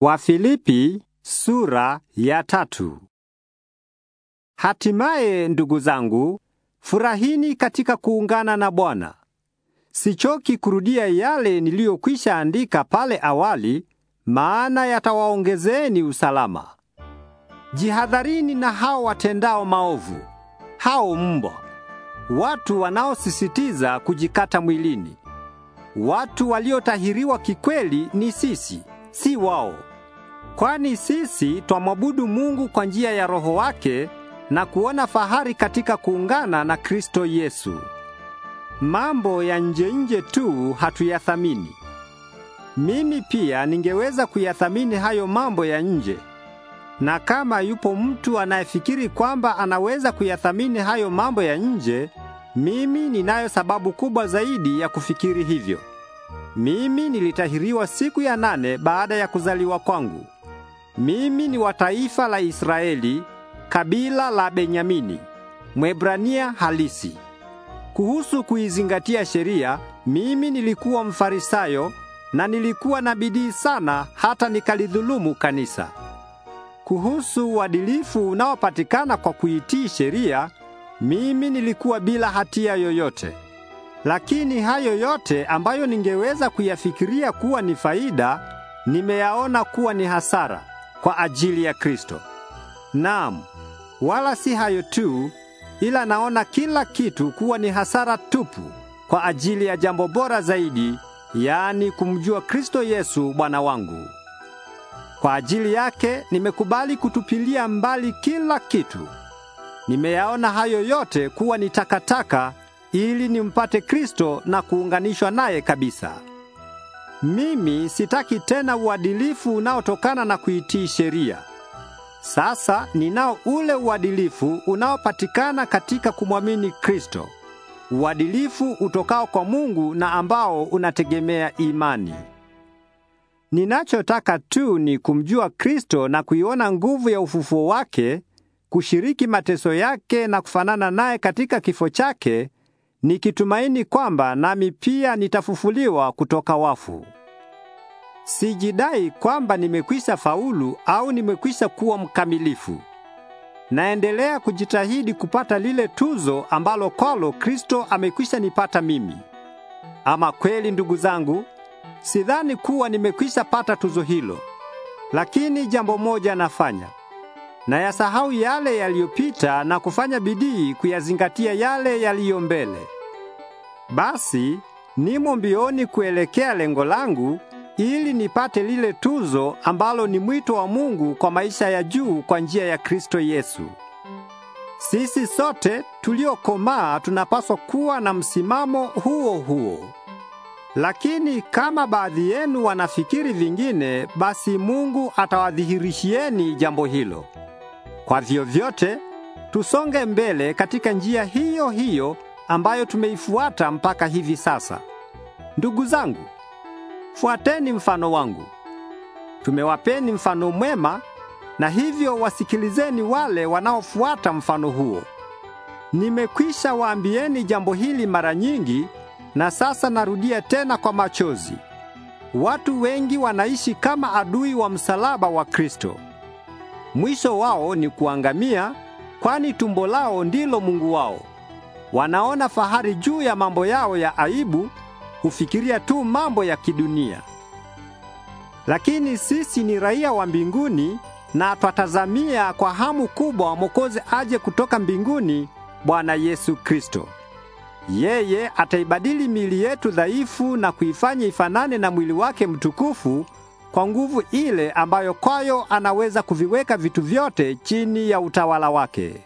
Wafilipi sura ya tatu. Hatimaye ndugu zangu, furahini katika kuungana na Bwana. Sichoki kurudia yale niliyokwisha andika pale awali, maana yatawaongezeni usalama. Jihadharini na hao watendao maovu, hao mbwa, watu wanaosisitiza kujikata mwilini. Watu waliotahiriwa kikweli ni sisi si wao. Kwani sisi twamwabudu Mungu kwa njia ya Roho wake na kuona fahari katika kuungana na Kristo Yesu. Mambo ya nje nje tu hatuyathamini. Mimi pia ningeweza kuyathamini hayo mambo ya nje. Na kama yupo mtu anayefikiri kwamba anaweza kuyathamini hayo mambo ya nje, mimi ninayo sababu kubwa zaidi ya kufikiri hivyo. Mimi nilitahiriwa siku ya nane baada ya kuzaliwa kwangu. Mimi ni wa taifa la Israeli, kabila la Benyamini, Mwebrania halisi. Kuhusu kuizingatia sheria, mimi nilikuwa Mfarisayo na nilikuwa na bidii sana hata nikalidhulumu kanisa. Kuhusu uadilifu unaopatikana kwa kuitii sheria, mimi nilikuwa bila hatia yoyote. Lakini hayo yote ambayo ningeweza kuyafikiria kuwa ni faida, nimeyaona kuwa ni hasara kwa ajili ya Kristo. Naam, wala si hayo tu, ila naona kila kitu kuwa ni hasara tupu kwa ajili ya jambo bora zaidi, yaani kumjua Kristo Yesu Bwana wangu. Kwa ajili yake nimekubali kutupilia mbali kila kitu. Nimeyaona hayo yote kuwa ni takataka ili nimpate Kristo na kuunganishwa naye kabisa. Mimi sitaki tena uadilifu unaotokana na kuitii sheria. Sasa ninao ule uadilifu unaopatikana katika kumwamini Kristo, uadilifu utokao kwa Mungu na ambao unategemea imani. Ninachotaka tu ni kumjua Kristo na kuiona nguvu ya ufufuo wake, kushiriki mateso yake na kufanana naye katika kifo chake nikitumaini kwamba nami pia nitafufuliwa kutoka wafu. Sijidai kwamba nimekwisha faulu au nimekwisha kuwa mkamilifu. Naendelea kujitahidi kupata lile tuzo ambalo kwalo Kristo amekwisha nipata mimi. Ama kweli, ndugu zangu, sidhani kuwa nimekwisha pata tuzo hilo. Lakini jambo moja nafanya. Nayasahau yale yaliyopita na kufanya bidii kuyazingatia yale yaliyo mbele. Basi nimo mbioni kuelekea lengo langu ili nipate lile tuzo ambalo ni mwito wa Mungu kwa maisha ya juu kwa njia ya Kristo Yesu. Sisi sote tuliokomaa tunapaswa kuwa na msimamo huo huo. Lakini kama baadhi yenu wanafikiri vingine, basi Mungu atawadhihirishieni jambo hilo. Kwa vyovyote, tusonge mbele katika njia hiyo hiyo ambayo tumeifuata mpaka hivi sasa. Ndugu zangu, fuateni mfano wangu. Tumewapeni mfano mwema na hivyo wasikilizeni wale wanaofuata mfano huo. Nimekwisha waambieni jambo hili mara nyingi na sasa narudia tena kwa machozi. Watu wengi wanaishi kama adui wa msalaba wa Kristo. Mwisho wao ni kuangamia, kwani tumbo lao ndilo Mungu wao. Wanaona fahari juu ya mambo yao ya aibu, hufikiria tu mambo ya kidunia. Lakini sisi ni raia wa mbinguni na twatazamia kwa hamu kubwa Mwokozi aje kutoka mbinguni, Bwana Yesu Kristo. Yeye ataibadili miili yetu dhaifu na kuifanya ifanane na mwili wake mtukufu kwa nguvu ile ambayo kwayo anaweza kuviweka vitu vyote chini ya utawala wake.